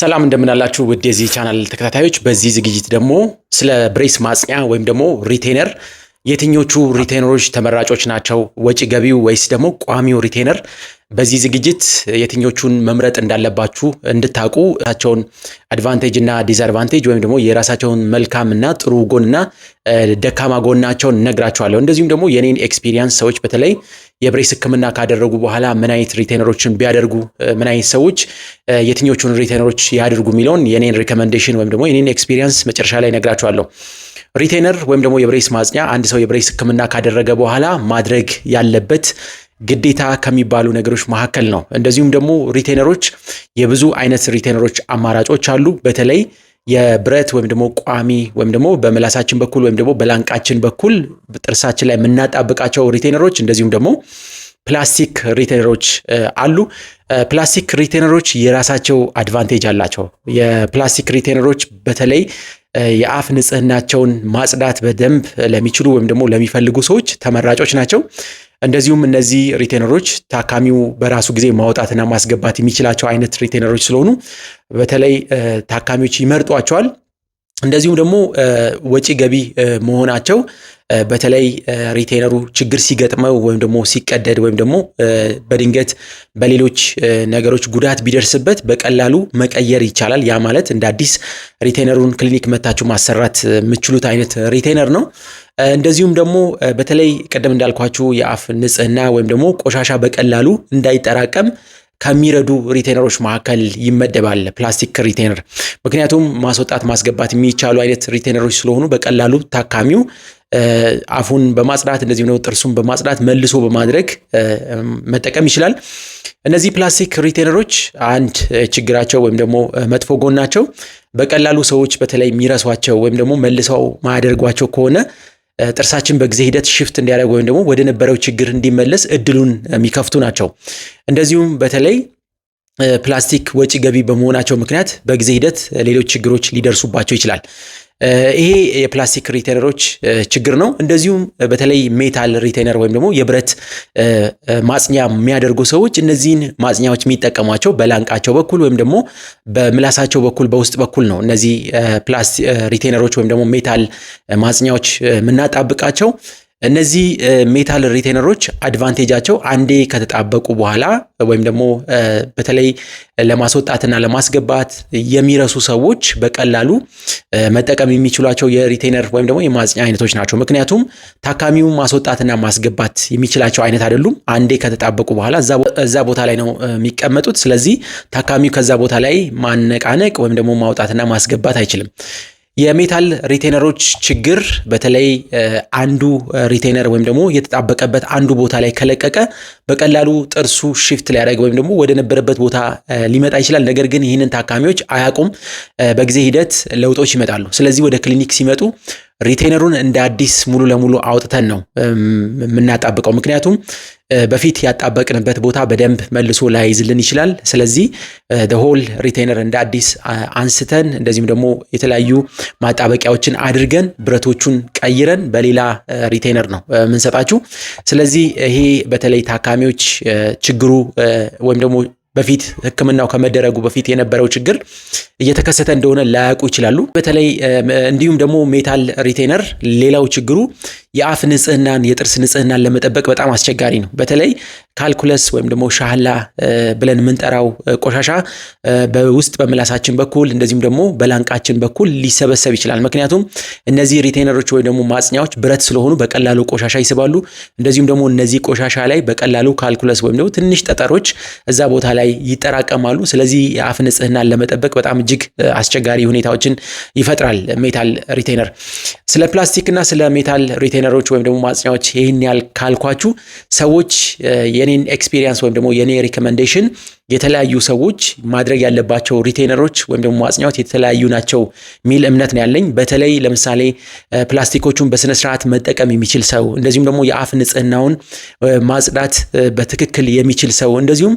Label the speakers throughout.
Speaker 1: ሰላም እንደምናላችሁ ውድ የዚህ ቻናል ተከታታዮች፣ በዚህ ዝግጅት ደግሞ ስለ ብሬስ ማጽኛ ወይም ደግሞ ሪቴነር የትኞቹ ሪቴነሮች ተመራጮች ናቸው፣ ወጪ ገቢው ወይስ ደግሞ ቋሚው ሪቴነር፣ በዚህ ዝግጅት የትኞቹን መምረጥ እንዳለባችሁ እንድታውቁ ራሳቸውን አድቫንቴጅ እና ዲስአድቫንቴጅ ወይም ደግሞ የራሳቸውን መልካም እና ጥሩ ጎንና ደካማ ጎናቸውን እነግራችኋለሁ። እንደዚሁም ደግሞ የኔን ኤክስፒሪየንስ ሰዎች በተለይ የብሬስ ህክምና ካደረጉ በኋላ ምን አይነት ሪቴነሮችን ቢያደርጉ ምን አይነት ሰዎች የትኞቹን ሪቴነሮች ያድርጉ የሚለውን የኔን ሪኮመንዴሽን ወይም ደግሞ የኔን ኤክስፒሪየንስ መጨረሻ ላይ ነግራችኋለሁ። ሪቴነር ወይም ደግሞ የብሬስ ማጽኛ አንድ ሰው የብሬስ ህክምና ካደረገ በኋላ ማድረግ ያለበት ግዴታ ከሚባሉ ነገሮች መካከል ነው። እንደዚሁም ደግሞ ሪቴነሮች የብዙ አይነት ሪቴነሮች አማራጮች አሉ። በተለይ የብረት ወይም ደግሞ ቋሚ ወይም ደግሞ በምላሳችን በኩል ወይም ደግሞ በላንቃችን በኩል ጥርሳችን ላይ የምናጣብቃቸው ሪቴነሮች እንደዚሁም ደግሞ ፕላስቲክ ሪቴነሮች አሉ። ፕላስቲክ ሪቴነሮች የራሳቸው አድቫንቴጅ አላቸው። የፕላስቲክ ሪቴነሮች በተለይ የአፍ ንጽህናቸውን ማጽዳት በደንብ ለሚችሉ ወይም ደግሞ ለሚፈልጉ ሰዎች ተመራጮች ናቸው። እንደዚሁም እነዚህ ሪቴነሮች ታካሚው በራሱ ጊዜ ማውጣትና ማስገባት የሚችላቸው አይነት ሪቴነሮች ስለሆኑ በተለይ ታካሚዎች ይመርጧቸዋል። እንደዚሁም ደግሞ ወጪ ገቢ መሆናቸው በተለይ ሪቴነሩ ችግር ሲገጥመው ወይም ደግሞ ሲቀደድ ወይም ደግሞ በድንገት በሌሎች ነገሮች ጉዳት ቢደርስበት በቀላሉ መቀየር ይቻላል። ያ ማለት እንደ አዲስ ሪቴነሩን ክሊኒክ መታችሁ ማሰራት የምችሉት አይነት ሪቴነር ነው። እንደዚሁም ደግሞ በተለይ ቅድም እንዳልኳችሁ የአፍ ንጽህና ወይም ደግሞ ቆሻሻ በቀላሉ እንዳይጠራቀም ከሚረዱ ሪቴነሮች መካከል ይመደባል ፕላስቲክ ሪቴነር። ምክንያቱም ማስወጣት ማስገባት የሚቻሉ አይነት ሪቴነሮች ስለሆኑ በቀላሉ ታካሚው አፉን በማጽዳት እንደዚህ ነው ጥርሱን በማጽዳት መልሶ በማድረግ መጠቀም ይችላል። እነዚህ ፕላስቲክ ሪቴነሮች አንድ ችግራቸው ወይም ደግሞ መጥፎ ጎናቸው በቀላሉ ሰዎች በተለይ የሚረሷቸው ወይም ደግሞ መልሰው ማያደርጓቸው ከሆነ ጥርሳችን በጊዜ ሂደት ሽፍት እንዲያደርግ ወይም ደግሞ ወደ ነበረው ችግር እንዲመለስ እድሉን የሚከፍቱ ናቸው። እንደዚሁም በተለይ ፕላስቲክ ወጪ ገቢ በመሆናቸው ምክንያት በጊዜ ሂደት ሌሎች ችግሮች ሊደርሱባቸው ይችላል። ይሄ የፕላስቲክ ሪቴነሮች ችግር ነው። እንደዚሁም በተለይ ሜታል ሪቴነር ወይም ደግሞ የብረት ማጽኛ የሚያደርጉ ሰዎች እነዚህን ማጽኛዎች የሚጠቀሟቸው በላንቃቸው በኩል ወይም ደግሞ በምላሳቸው በኩል በውስጥ በኩል ነው። እነዚህ ፕላስቲክ ሪቴነሮች ወይም ደግሞ ሜታል ማጽኛዎች የምናጣብቃቸው እነዚህ ሜታል ሪቴነሮች አድቫንቴጃቸው አንዴ ከተጣበቁ በኋላ ወይም ደግሞ በተለይ ለማስወጣትና ለማስገባት የሚረሱ ሰዎች በቀላሉ መጠቀም የሚችሏቸው የሪቴነር ወይም ደግሞ የማጽኛ አይነቶች ናቸው። ምክንያቱም ታካሚው ማስወጣትና ማስገባት የሚችላቸው አይነት አይደሉም። አንዴ ከተጣበቁ በኋላ እዛ ቦታ ላይ ነው የሚቀመጡት። ስለዚህ ታካሚው ከዛ ቦታ ላይ ማነቃነቅ ወይም ደግሞ ማውጣትና ማስገባት አይችልም። የሜታል ሪቴነሮች ችግር በተለይ አንዱ ሪቴነር ወይም ደግሞ የተጣበቀበት አንዱ ቦታ ላይ ከለቀቀ በቀላሉ ጥርሱ ሽፍት ሊያደርግ ወይም ደግሞ ወደ ነበረበት ቦታ ሊመጣ ይችላል። ነገር ግን ይህንን ታካሚዎች አያውቁም። በጊዜ ሂደት ለውጦች ይመጣሉ። ስለዚህ ወደ ክሊኒክ ሲመጡ ሪቴነሩን እንደ አዲስ ሙሉ ለሙሉ አውጥተን ነው የምናጣብቀው። ምክንያቱም በፊት ያጣበቅንበት ቦታ በደንብ መልሶ ላይዝልን ይችላል። ስለዚህ ሆል ሪቴነር እንደ አዲስ አንስተን እንደዚሁም ደግሞ የተለያዩ ማጣበቂያዎችን አድርገን ብረቶቹን ቀይረን በሌላ ሪቴነር ነው የምንሰጣችሁ። ስለዚህ ይሄ በተለይ ታካሚዎች ችግሩ ወይም ደግሞ በፊት ህክምናው ከመደረጉ በፊት የነበረው ችግር እየተከሰተ እንደሆነ ላያውቁ ይችላሉ። በተለይ እንዲሁም ደግሞ ሜታል ሪቴነር ሌላው ችግሩ የአፍ ንጽህናን፣ የጥርስ ንጽህናን ለመጠበቅ በጣም አስቸጋሪ ነው። በተለይ ካልኩለስ ወይም ደግሞ ሻህላ ብለን የምንጠራው ቆሻሻ በውስጥ በምላሳችን በኩል እንደዚሁም ደግሞ በላንቃችን በኩል ሊሰበሰብ ይችላል። ምክንያቱም እነዚህ ሪቴነሮች ወይም ደግሞ ማጽኛዎች ብረት ስለሆኑ በቀላሉ ቆሻሻ ይስባሉ። እንደዚሁም ደግሞ እነዚህ ቆሻሻ ላይ በቀላሉ ካልኩለስ ወይም ደግሞ ትንሽ ጠጠሮች እዛ ቦታ ላይ ይጠራቀማሉ። ስለዚህ የአፍ ንጽህናን ለመጠበቅ በጣም እጅግ አስቸጋሪ ሁኔታዎችን ይፈጥራል ሜታል ሪቴነር። ስለ ፕላስቲክና ስለ ሜታል ሪቴነሮች ወይም ደግሞ ማጽኛዎች ይህን ያል ካልኳችሁ ሰዎች የኔን ኤክስፒሪየንስ ወይም ደግሞ የኔ ሪኮመንዴሽን የተለያዩ ሰዎች ማድረግ ያለባቸው ሪቴነሮች ወይም ደግሞ ማጽኛዎች የተለያዩ ናቸው የሚል እምነት ነው ያለኝ። በተለይ ለምሳሌ ፕላስቲኮቹን በስነ ስርዓት መጠቀም የሚችል ሰው፣ እንደዚሁም ደግሞ የአፍ ንጽህናውን ማጽዳት በትክክል የሚችል ሰው፣ እንደዚሁም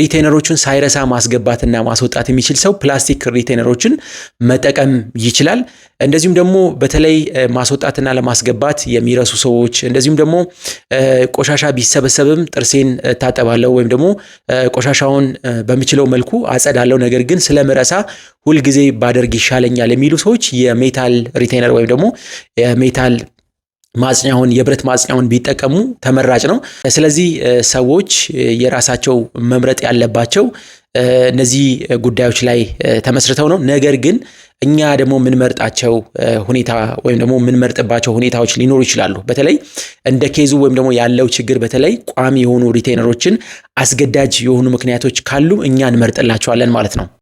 Speaker 1: ሪቴነሮቹን ሳይረሳ ማስገባትና ማስወጣት የሚችል ሰው ፕላስቲክ ሪቴነሮችን መጠቀም ይችላል። እንደዚሁም ደግሞ በተለይ ማስወጣትና ለማስገባት የሚረሱ ሰዎች፣ እንደዚሁም ደግሞ ቆሻሻ ቢሰበሰብም ጥርሴን እታጠባለሁ ወይም ደግሞ ቆሻሻውን በምችለው መልኩ አጸዳለው፣ ነገር ግን ስለምረሳ ሁልጊዜ ባደርግ ይሻለኛል የሚሉ ሰዎች የሜታል ሪቴነር ወይም ደግሞ የሜታል ማጽኛውን የብረት ማጽኛውን ቢጠቀሙ ተመራጭ ነው። ስለዚህ ሰዎች የራሳቸው መምረጥ ያለባቸው እነዚህ ጉዳዮች ላይ ተመስርተው ነው። ነገር ግን እኛ ደግሞ የምንመርጣቸው ሁኔታ ወይም ደግሞ የምንመርጥባቸው ሁኔታዎች ሊኖሩ ይችላሉ። በተለይ እንደ ኬዙ ወይም ደግሞ ያለው ችግር በተለይ ቋሚ የሆኑ ሪቴነሮችን አስገዳጅ የሆኑ ምክንያቶች ካሉ እኛ እንመርጥላቸዋለን ማለት ነው።